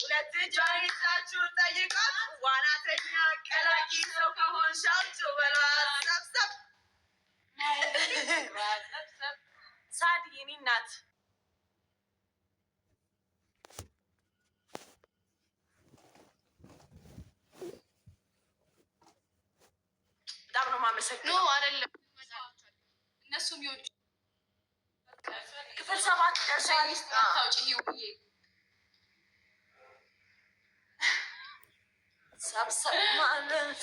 ሁለት እጇን ይዛችሁ ጠይቋት። ዋናተኛ ቀላቂ ሰው ከሆን በሏት። ሰብሰብ ሳድ የኔ ናት። በጣም አይደለም እነሱም ክፍል ሰባት ደርሰ ሰብሰብ ማለት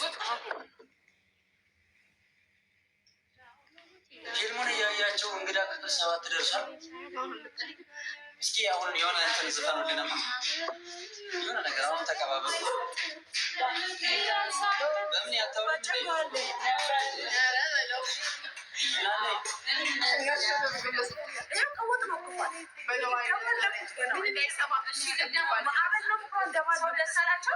ፊልሙን እያያቸው እንግዳ ክፍል ሰባት ደርሷል። እስኪ አሁን የሆነ እንትን ዝፈኑ ልነማ የሆነ ነገር አሁን ተቀባበሉ። በምን ያተው ሰላቸው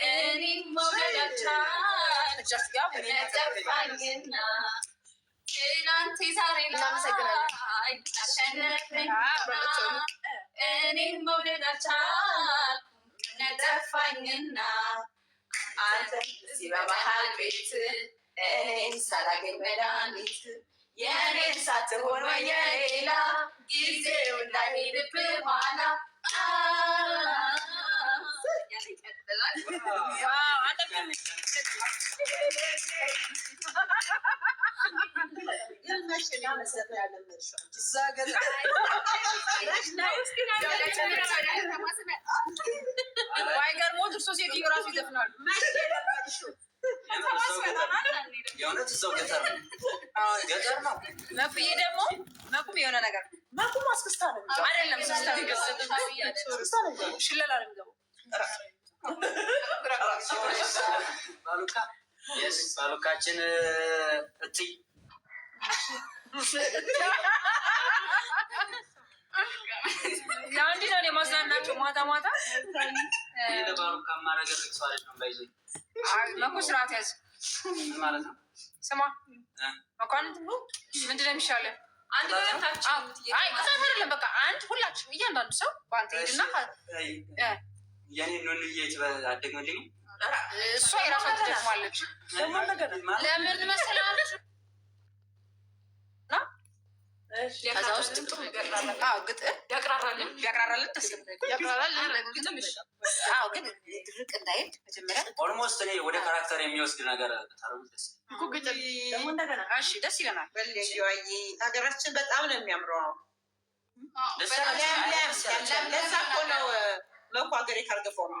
እኔም ሳትሆን ወይ የሌላ ጊዜው እንዳይሄድብህ ኋላ ባይገርሞት እርሶ ሴትዮ እራሱ ይዘፍናል። መኩዬ ደግሞ መኩም የሆነ ነገር መኩም አስክስታ አይደለም ሽለላ ባሉካችን እትይ ለአንድ ነው የማዝናናቸው ማታ ማታ ባሉካ ማረገር ሰው አይደለም። ባይዘ መኩ ስርዓት ያዝ ማለት ነው። ስማ መኳንንት ምንድን ነው የሚሻለው? አንድ ሁላችን እያንዳንዱ ሰው በአንተ ሄድና የኔ ኑንዬ አትደግምልኝ። እሷ የራሷ ትደግማለች። ለምን መሰለህ ግን ድርቅ ኦልሞስት እኔ ወደ ካራክተር የሚወስድ ነገር ደስ ይለናል። ሀገራችን በጣም ነው የሚያምረው። ለኩ ሀገሬ ካልገፋው ነው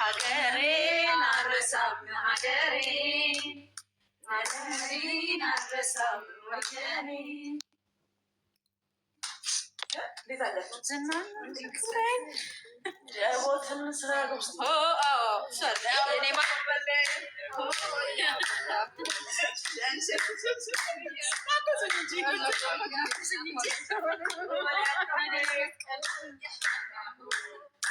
ሀገሬን አልረሳም ሀገሬን ሀገሬን አልረሳም ሀገሬን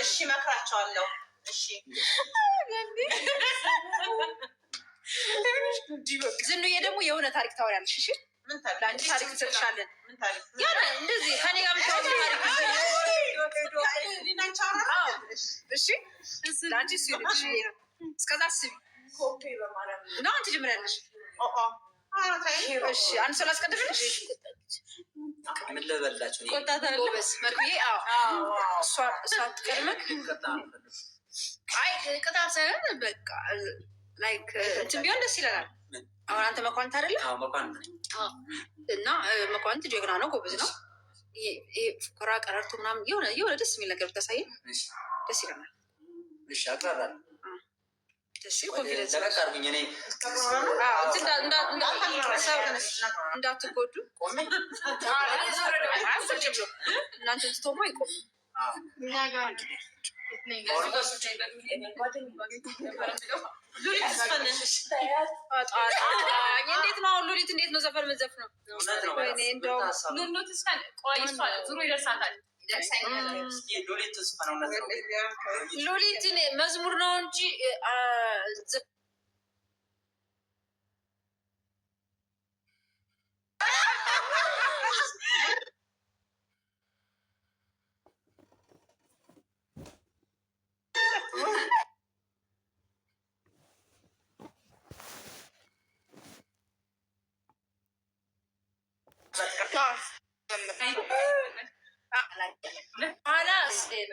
እሺ መክራቸዋለሁ። ዝኑዬ ደግሞ የሆነ ታሪክ ታወሪያለሽ። እሺ ምን ለአንቺ ታሪክ እንሰጥሻለን። እንደዚህ ከኔ ጋር ታሪክ እስከዛ አስቢ። እና አንቺ ጀምሪያለሽ። እሺ አንድ ሰው ላስቀድምልሽ። ምን ልበላችሁ? እሷ አትቀድምም። አይ ቅጣት ሳይሆን በቃ ላይክ እንትን ቢሆን ደስ ይለናል። አሁን አንተ መኳንት አይደለ? እና መኳንት ጀግና ነው፣ ጎብዝ ነው ፉከራ ቀረርቱ ምናምን የሆነ ደስ የሚል ነገር ብታሳየን ደስ ይለናል። እንዳትጎዱ እናንተ ትቶማ ይቆም እንዴት ነው አሁን ሉሊት እንዴት ነው ዘፈን መዘፍ ነው? ዙሮ ይደርሳታል። ሉሊት መዝሙር ነው እንጂ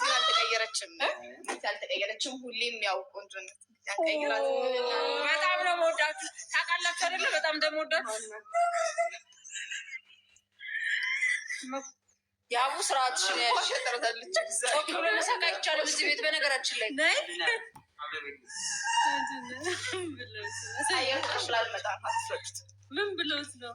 ስላልተቀየረችም ስላልተቀየረችም ሁሌም ያው ቆንጆ በጣም ነው መወዳችሁ። ታውቃላችሁ አይደለ? በጣም እንደምወዳችሁ የአቡ ስርዓት ሳቅ አይቻልም እዚህ ቤት በነገራችን ላይ ምን ብለውት ነው?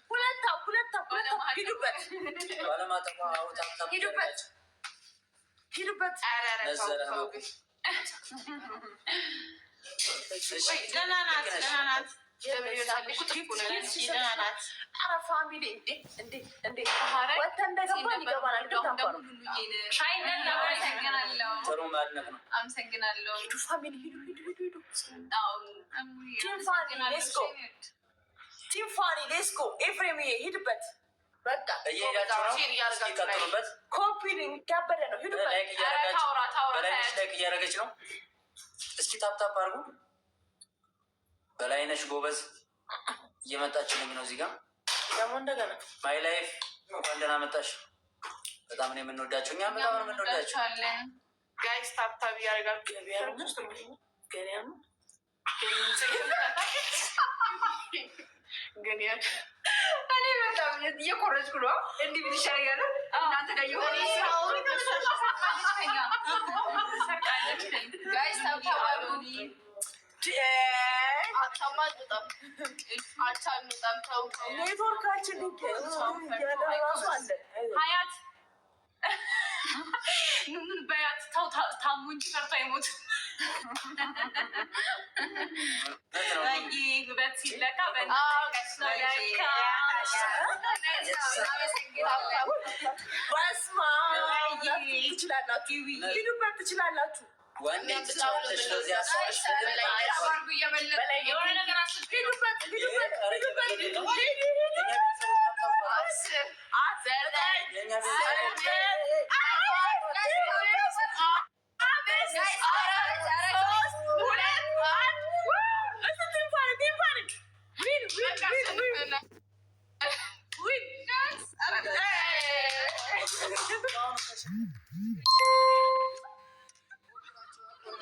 ሁለታ ሁለታ ። ሁለታው ሂዱበት፣ ሂዱበት፣ ሂዱበት። ደህና ናት፣ ደህና ናት። አመሰግናለሁ ቲም ሌስኮ ኤፍሬም ሂድበት። በቃ ያበደ እያደረገች ነው። እስኪ ታፕታፕ አድርጉ። በላይነሽ ጎበዝ እየመጣችልኝ ነው። እዚህ ጋር ደግሞ እንደገና ማይ ላይፍ እንኳን ደህና መጣሽ። በጣም ነው የምንወዳቸው እኛ በጣም ነው የምንወዳቸው ጋይስ። ታፕታፕ እያደረጋችሁ ገበያ ነው ግን እኔ በጣም እየኮረጅኩ ነው። እንዲህ ብልሻ ያለ እናንተ ጋር የሆነ ሀያት በያት ታሙ እንጂ ፈርቶ አይሞት ሂዱበት ትችላላችሁ። ሂዱበት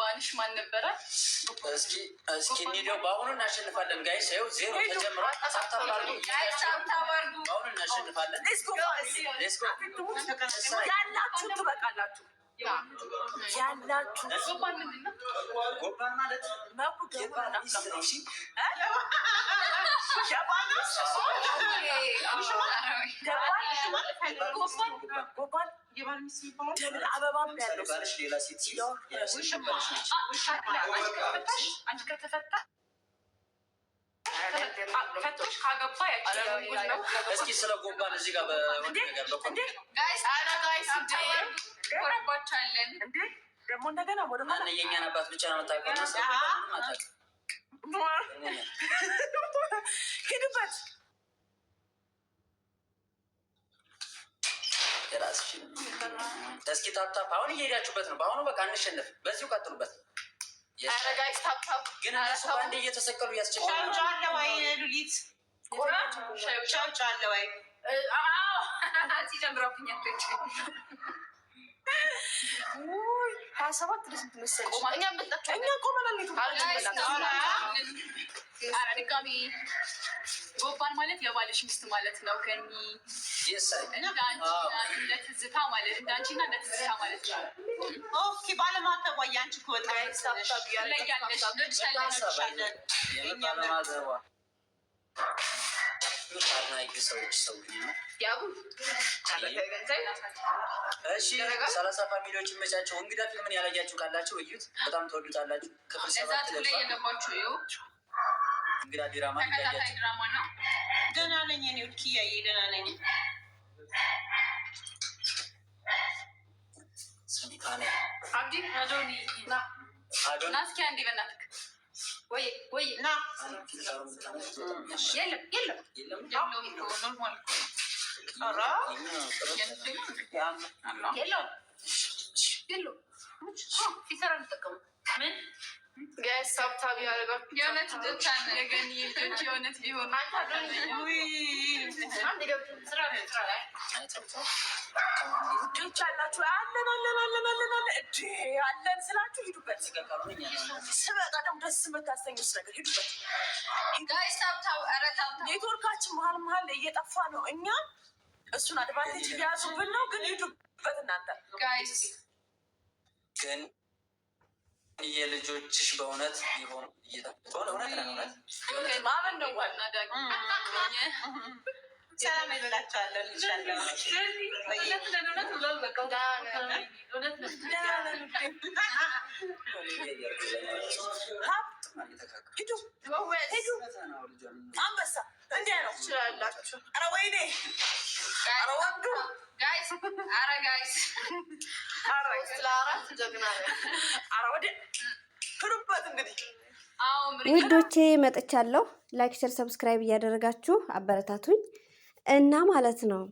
ባንሽ ማን ነበረ? እስኪ እንሂደው። በአሁኑ እናሸንፋለን ጋይስ። ይኸው ዜሮ ተጀምሯል። ትበቃላችሁ። ያላችሁ እስኪ ስለ ጎባን እዚህ ጋር ነገር ደግሞ እንደገና ወደ የእኛን አባት ብቻ ነው ሂድበት። እስኪ ታፕታፕ አሁን እየሄዳችሁበት ነው። በአሁኑ በቃ እንሸነፍ። በዚሁ ቀጥሉበት። ግን እነሱ በአንዴ እየተሰቀሉ ያስቸግራለዋይ ሀያ ሰባት ለስንት መሰለሽ? እኛ ቆመናል። ድጋሚ ጎባን ማለት የባልሽ ሚስት ማለት ነው። ከኒ ለትዝታ ትዝታ ማለት እንደ አንቺና እንደ ማለት ነው። ኦኬ በዓለም አቀፍ አንቺ ከወጣ አድናቂ ሰዎች እሺ፣ ሰላሳ ፋሚሊዎች ይመቻቸው። እንግዳ ፊልምን ያላያችሁ ካላችሁ እዩት፣ በጣም ተወዱታላችሁ። ክፍል ሰባት እንግዳ ድራማ ነው። ደህና ነኝ እኔ ኪያዬ፣ ደህና ነኝ። አዶኒ አዶኒ ና እስኪ ወይ ወይ ና የለም የለም የለውም። ሳብታብ ያደረጋችሁ የእውነት ልጆች የእውነት ሊሆኑ ልጆች አላችሁ። አለን አለን አለን አለን አለን እድ አለን ስላችሁ ሂዱበት። ስበጣ ደግሞ ደስ የምታሰኙት ነገር ሂዱበት። ኔትወርካችን መሀል መሀል እየጠፋ ነው። እኛ እሱን አድቫንቴጅ እያያዙብን ነው፣ ግን ሂዱበት እናንተ የልጆችሽ በእውነት ሆነ እውነት ነው እውነት ማመን ነው ዋና ዳግ ሰላም ይበላቸዋለሁ። አንበሳ እንዲያ ነው ትችላላችሁ። ኧረ ወይኔ ኧረ ወንዱ ጋይስ ኧረ ጋይስ ኧረ ጀግና ኧረ ወደ ክሩበት እንግዲህ ውዶቼ መጥቻለሁ። ላይክ፣ ሸር፣ ሰብስክራይብ እያደረጋችሁ አበረታቱኝ። እና ማለት ነው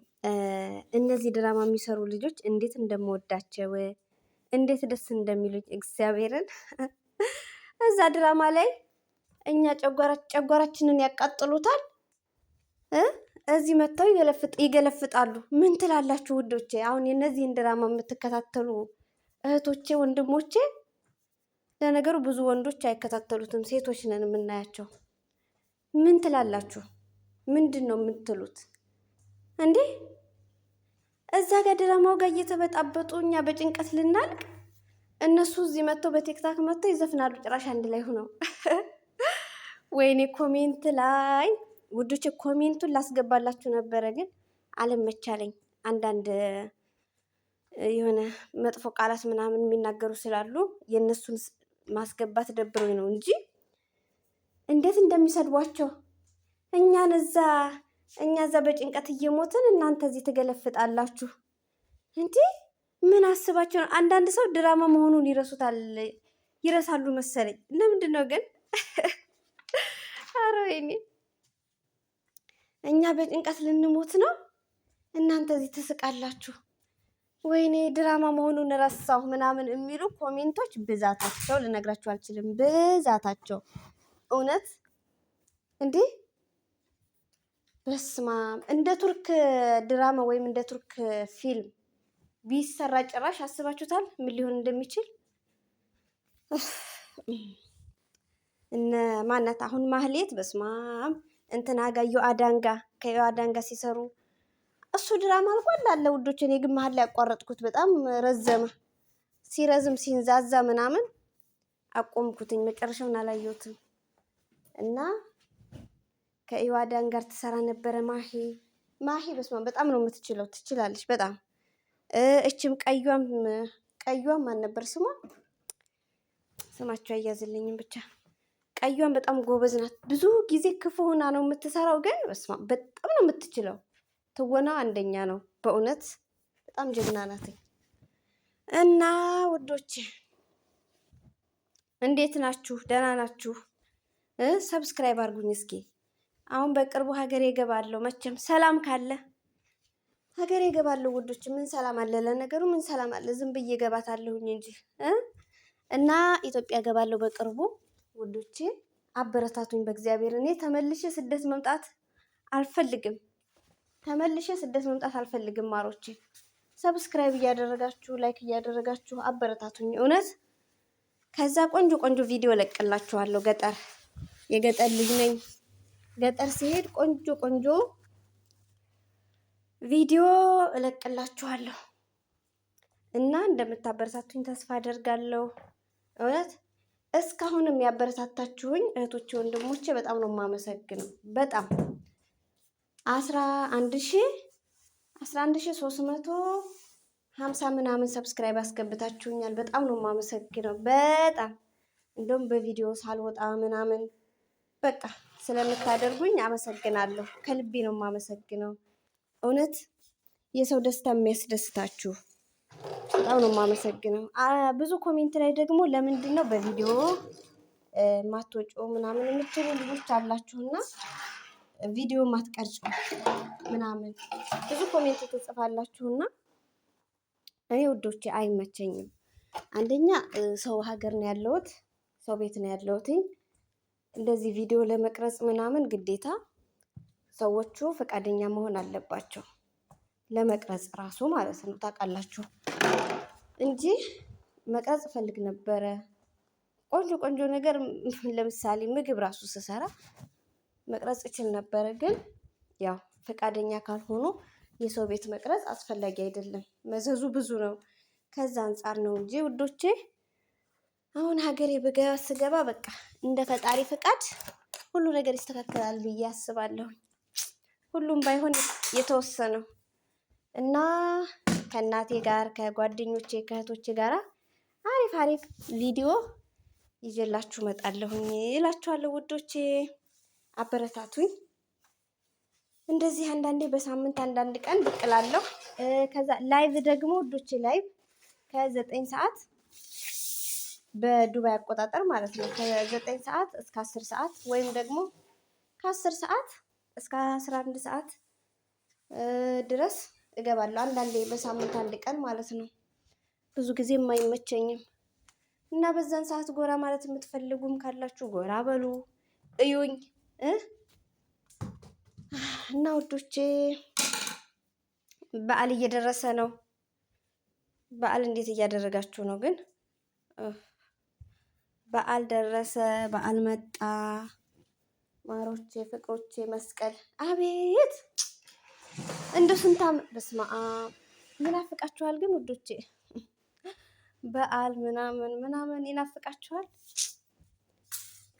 እነዚህ ድራማ የሚሰሩ ልጆች እንዴት እንደምወዳቸው እንዴት ደስ እንደሚሉኝ እግዚአብሔርን እዛ ድራማ ላይ እኛ ጨጓራችንን ያቃጥሉታል እዚህ መጥተው ይገለፍጣሉ። ምን ትላላችሁ ውዶቼ? አሁን የእነዚህን ድራማ የምትከታተሉ እህቶቼ፣ ወንድሞቼ፣ ለነገሩ ብዙ ወንዶች አይከታተሉትም፣ ሴቶች ነን የምናያቸው። ምን ትላላችሁ? ምንድን ነው የምትሉት? እንዴ እዛ ጋር ድራማው ጋር እየተበጣበጡ እኛ በጭንቀት ልናልቅ፣ እነሱ እዚህ መጥተው በቲክታክ መጥተው ይዘፍናሉ። ጭራሽ አንድ ላይ ሆነው ወይኔ ኮሜንት ላይ ውዶች፣ ኮሜንቱን ላስገባላችሁ ነበረ ግን አልመቻለኝ። አንዳንድ የሆነ መጥፎ ቃላት ምናምን የሚናገሩ ስላሉ የእነሱን ማስገባት ደብሮኝ ነው እንጂ እንዴት እንደሚሰድቧቸው እኛን እዛ እኛ እዛ በጭንቀት እየሞትን እናንተ እዚህ ትገለፍጣላችሁ። እንዲህ ምን አስባችሁ ነው? አንዳንድ ሰው ድራማ መሆኑን ይረሱታል ይረሳሉ መሰለኝ። ለምንድን ነው ግን? አረ ወይኔ እኛ በጭንቀት ልንሞት ነው፣ እናንተ እዚህ ትስቃላችሁ። ወይኔ ድራማ መሆኑን ረሳሁ ምናምን የሚሉ ኮሜንቶች ብዛታቸው ልነግራችሁ አልችልም። ብዛታቸው እውነት እንዴ በስማ እንደ ቱርክ ድራማ ወይም እንደ ቱርክ ፊልም ቢሰራ ጭራሽ አስባችሁታል ምን ሊሆን እንደሚችል? እነ ማነት አሁን ማህሌት በስማም እንትና ጋ ዮአዳንጋ ከዮአዳንጋ ሲሰሩ እሱ ድራማ አልቆ እንዳለ ውዶች፣ እኔ ግን መሀል ላይ ያቋረጥኩት በጣም ረዘመ። ሲረዝም ሲንዛዛ ምናምን አቆምኩትኝ፣ መጨረሻውን አላየሁትም እና ከኢዋዳን ጋር ትሰራ ነበረ። ማሂ ማሂ በስማ በጣም ነው የምትችለው፣ ትችላለች በጣም እችም ቀዩም ቀዩም ማን ነበር ስሟ? ስማቸው አያዝልኝም ብቻ ቀዩም በጣም ጎበዝ ናት። ብዙ ጊዜ ክፉ ሆና ነው የምትሰራው፣ ግን በስማ በጣም ነው የምትችለው። ትወና አንደኛ ነው በእውነት በጣም ጀግና ናት። እና ወዶቼ እንዴት ናችሁ? ደህና ናችሁ? ሰብስክራይብ አድርጉኝ እስኪ አሁን በቅርቡ ሀገሬ እገባለሁ። መቼም ሰላም ካለ ሀገሬ እገባለሁ። ውዶች ምን ሰላም አለ? ለነገሩ ምን ሰላም አለ? ዝም ብዬ እገባታለሁኝ እንጂ እና ኢትዮጵያ እገባለሁ በቅርቡ ውዶች አበረታቱኝ በእግዚአብሔር። እኔ ተመልሼ ስደት መምጣት አልፈልግም። ተመልሼ ስደት መምጣት አልፈልግም። ማሮቼ ሰብስክራይብ እያደረጋችሁ ላይክ እያደረጋችሁ አበረታቱኝ እውነት። ከዛ ቆንጆ ቆንጆ ቪዲዮ እለቅላችኋለሁ። ገጠር የገጠር ልጅ ነኝ። ገጠር ሲሄድ ቆንጆ ቆንጆ ቪዲዮ እለቅላችኋለሁ እና እንደምታበረታቱኝ ተስፋ አደርጋለሁ። እውነት እስካሁን የሚያበረታታችሁኝ እህቶች ወንድሞቼ በጣም ነው የማመሰግነው። በጣም አስራ አንድ ሺ አስራ አንድ ሺ ሶስት መቶ ሀምሳ ምናምን ሰብስክራይብ አስገብታችሁኛል። በጣም ነው የማመሰግነው። በጣም እንደውም በቪዲዮ ሳልወጣ ምናምን በቃ ስለምታደርጉኝ አመሰግናለሁ። ከልቤ ነው የማመሰግነው። እውነት የሰው ደስታ የሚያስደስታችሁ በጣም ነው የማመሰግነው። ብዙ ኮሜንት ላይ ደግሞ ለምንድን ነው በቪዲዮ ማትወጮ ምናምን የምትሉ ልጆች አላችሁና ቪዲዮ ማትቀርጹ ምናምን ብዙ ኮሜንት ትጽፋላችሁና እኔ ውዶቼ አይመቸኝም። አንደኛ ሰው ሀገር ነው ያለሁት፣ ሰው ቤት ነው ያለሁትኝ እንደዚህ ቪዲዮ ለመቅረጽ ምናምን ግዴታ ሰዎቹ ፈቃደኛ መሆን አለባቸው፣ ለመቅረጽ ራሱ ማለት ነው። ታውቃላችሁ እንጂ መቅረጽ እፈልግ ነበረ። ቆንጆ ቆንጆ ነገር ለምሳሌ ምግብ ራሱ ስሰራ መቅረጽ እችል ነበረ፣ ግን ያው ፈቃደኛ ካልሆኑ የሰው ቤት መቅረጽ አስፈላጊ አይደለም። መዘዙ ብዙ ነው። ከዛ አንጻር ነው እንጂ ውዶቼ አሁን ሀገሬ ስገባ በቃ እንደ ፈጣሪ ፍቃድ ሁሉ ነገር ይስተካከላል ብዬ አስባለሁ። ሁሉም ባይሆን የተወሰነው እና ከእናቴ ጋር ከጓደኞቼ ከእህቶቼ ጋራ አሪፍ አሪፍ ቪዲዮ ይዤላችሁ እመጣለሁኝ ይላችኋለሁ። ውዶቼ አበረታቱኝ። እንደዚህ አንዳንዴ በሳምንት አንዳንድ ቀን ብቅላለሁ። ከዛ ላይቭ ደግሞ ውዶቼ ላይቭ ከዘጠኝ ሰዓት በዱባይ አቆጣጠር ማለት ነው። ከዘጠኝ ሰዓት እስከ አስር ሰዓት ወይም ደግሞ ከአስር ሰዓት እስከ አስራ አንድ ሰዓት ድረስ እገባለሁ። አንዳንዴ በሳምንት አንድ ቀን ማለት ነው። ብዙ ጊዜም አይመቸኝም እና በዛን ሰዓት ጎራ ማለት የምትፈልጉም ካላችሁ ጎራ በሉ እዩኝ እና ውዶቼ፣ በዓል እየደረሰ ነው። በዓል እንዴት እያደረጋችሁ ነው ግን? በዓል ደረሰ፣ በዓል መጣ። ማሮቼ ፍቅሮቼ፣ መስቀል አቤት እንደ ስንታም በስማ ይናፍቃችኋል። ግን ውዶቼ በዓል ምናምን ምናምን ይናፍቃችኋል።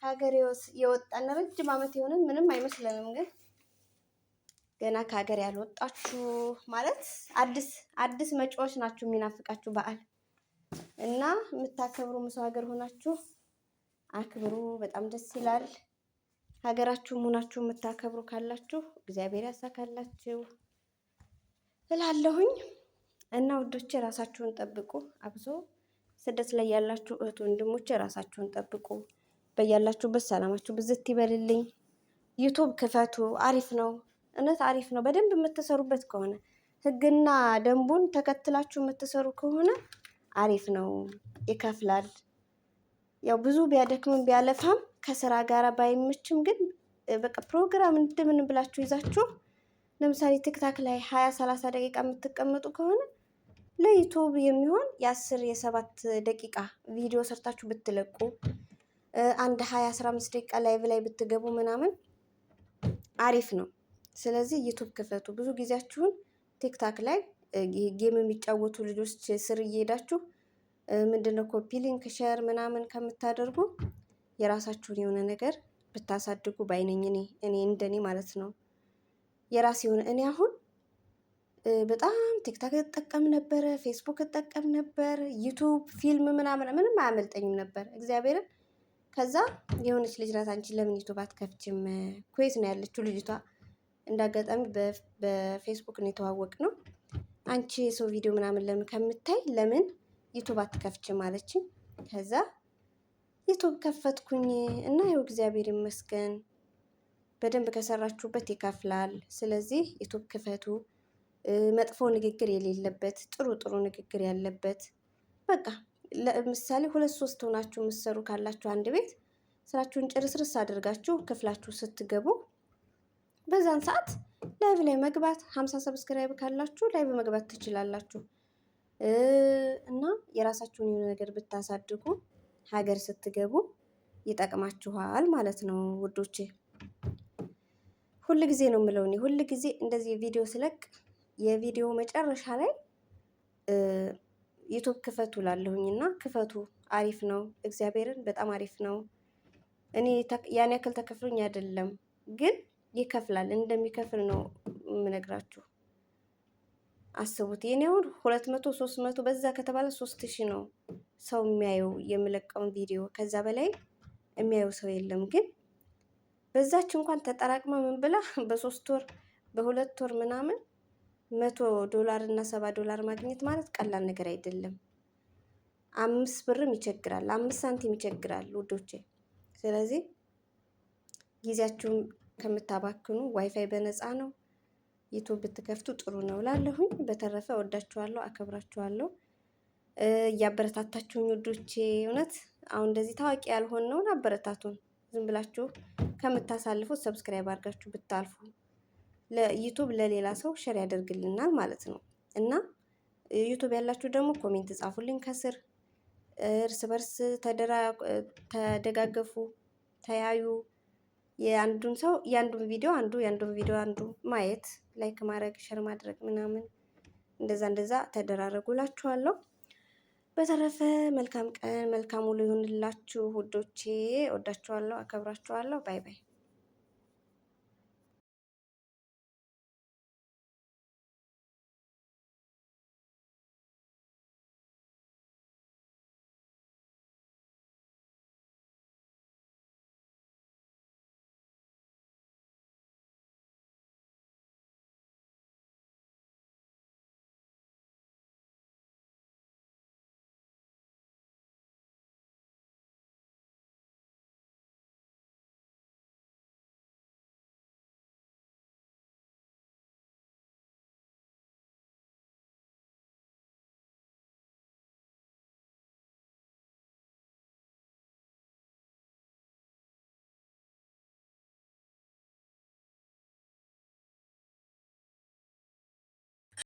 ከሀገር የወጣን ረጅም ዓመት የሆንን ምንም አይመስለንም። ግን ገና ከሀገር ያልወጣችሁ ማለት አዲስ አዲስ መጪዎች ናችሁ የሚናፍቃችሁ በዓል እና የምታከብሩ ምሰው ሀገር ሆናችሁ አክብሩ። በጣም ደስ ይላል። ሀገራችሁ ሙናችሁ የምታከብሩ ካላችሁ እግዚአብሔር ያሳካላችሁ እላለሁኝ እና ውዶቼ ራሳችሁን ጠብቁ። አብዞ ስደት ላይ ያላችሁ እህት ወንድሞቼ ራሳችሁን ጠብቁ። በያላችሁበት ሰላማችሁ ብዝት ይበልልኝ። ዩቱብ ክፈቱ፣ አሪፍ ነው፣ እውነት አሪፍ ነው። በደንብ የምትሰሩበት ከሆነ ህግና ደንቡን ተከትላችሁ የምትሰሩ ከሆነ አሪፍ ነው፣ ይከፍላል። ያው ብዙ ቢያደክምም ቢያለፋም ከስራ ጋር ባይመችም ግን በቃ ፕሮግራም እንድምን ብላችሁ ይዛችሁ ለምሳሌ ቲክታክ ላይ ሀያ ሰላሳ ደቂቃ የምትቀመጡ ከሆነ ለዩቱብ የሚሆን የአስር የሰባት ደቂቃ ቪዲዮ ሰርታችሁ ብትለቁ አንድ ሀያ አስራ አምስት ደቂቃ ላይቭ ላይ ብትገቡ ምናምን አሪፍ ነው። ስለዚህ ዩቱብ ክፈቱ። ብዙ ጊዜያችሁን ቲክታክ ላይ ጌም የሚጫወቱ ልጆች ስር እየሄዳችሁ ምንድነው ኮፒ ሊንክ ሸር ምናምን ከምታደርጉ የራሳችሁን የሆነ ነገር ብታሳድጉ ባይነኝ። እኔ እኔ እንደኔ ማለት ነው የራስ የሆነ እኔ አሁን በጣም ቲክታክ እጠቀም ነበረ፣ ፌስቡክ እጠቀም ነበር፣ ዩቱብ ፊልም ምናምን ምንም አያመልጠኝም ነበር እግዚአብሔርን። ከዛ የሆነች ልጅ ናት፣ አንቺን ለምን ዩቱብ አትከፍችም? ኩዌት ነው ያለችው ልጅቷ። እንዳጋጣሚ በፌስቡክ ነው የተዋወቅ ነው። አንቺ የሰው ቪዲዮ ምናምን ለምን ከምታይ ለምን ዩቱብ አትከፍችም አለችኝ። ከዛ ዩቱብ ከፈትኩኝ እና ይኸው እግዚአብሔር ይመስገን በደንብ ከሰራችሁበት ይከፍላል። ስለዚህ ዩቱብ ክፈቱ። መጥፎ ንግግር የሌለበት ጥሩ ጥሩ ንግግር ያለበት በቃ ለምሳሌ ሁለት ሶስት ሆናችሁ የምትሰሩ ካላችሁ አንድ ቤት ስራችሁን ጭርስርስ አድርጋችሁ ክፍላችሁ ስትገቡ በዛን ሰዓት ላይቭ ላይ መግባት ሀምሳ ሰብስክራይብ ካላችሁ ላይቭ መግባት ትችላላችሁ። እና የራሳችሁን የሆነ ነገር ብታሳድጉ ሀገር ስትገቡ ይጠቅማችኋል ማለት ነው ውዶቼ። ሁል ጊዜ ነው የምለው እኔ ሁል ጊዜ እንደዚህ ቪዲዮ ስለቅ የቪዲዮ መጨረሻ ላይ ዩቱብ ክፈቱ ላለሁኝ እና ክፈቱ፣ አሪፍ ነው፣ እግዚአብሔርን በጣም አሪፍ ነው። እኔ ያን ያክል ተከፍሎኝ አይደለም፣ ግን ይከፍላል፣ እንደሚከፍል ነው የምነግራችሁ። አስቡት። የኔ አሁን ሁለት መቶ ሶስት መቶ በዛ ከተባለ ሶስት ሺ ነው ሰው የሚያየው የምለቀውን ቪዲዮ ከዛ በላይ የሚያየው ሰው የለም። ግን በዛች እንኳን ተጠራቅማ ምን ብላ በሶስት ወር በሁለት ወር ምናምን መቶ ዶላር እና ሰባ ዶላር ማግኘት ማለት ቀላል ነገር አይደለም። አምስት ብርም ይቸግራል፣ አምስት ሳንቲም ይቸግራል ውዶቼ። ስለዚህ ጊዜያችሁን ከምታባክኑ ዋይፋይ በነፃ ነው። ዩቱብ ብትከፍቱ ጥሩ ነው ላለሁኝ። በተረፈ ወዳችኋለሁ፣ አከብራችኋለሁ። እያበረታታችሁኝ ውዶቼ፣ እውነት አሁን እንደዚህ ታዋቂ ነውን አበረታቱን። ዝም ብላችሁ ከምታሳልፉት ሰብስክራይብ አድርጋችሁ ብታልፉ ዩቱብ ለሌላ ሰው ሸር ያደርግልናል ማለት ነው እና ዩቱብ ያላችሁ ደግሞ ኮሜንት ጻፉልኝ ከስር እርስ በርስ ተደጋገፉ፣ ተያዩ። የአንዱን ሰው የአንዱን ቪዲዮ አንዱ የአንዱን ቪዲዮ አንዱ ማየት ላይክ ማድረግ ሸር ማድረግ ምናምን እንደዛ እንደዛ ተደራረጉላችኋለሁ። በተረፈ መልካም ቀን መልካም ውሎ ይሁንላችሁ ውዶቼ። ወዳችኋለሁ፣ አከብራችኋለሁ። ባይ ባይ።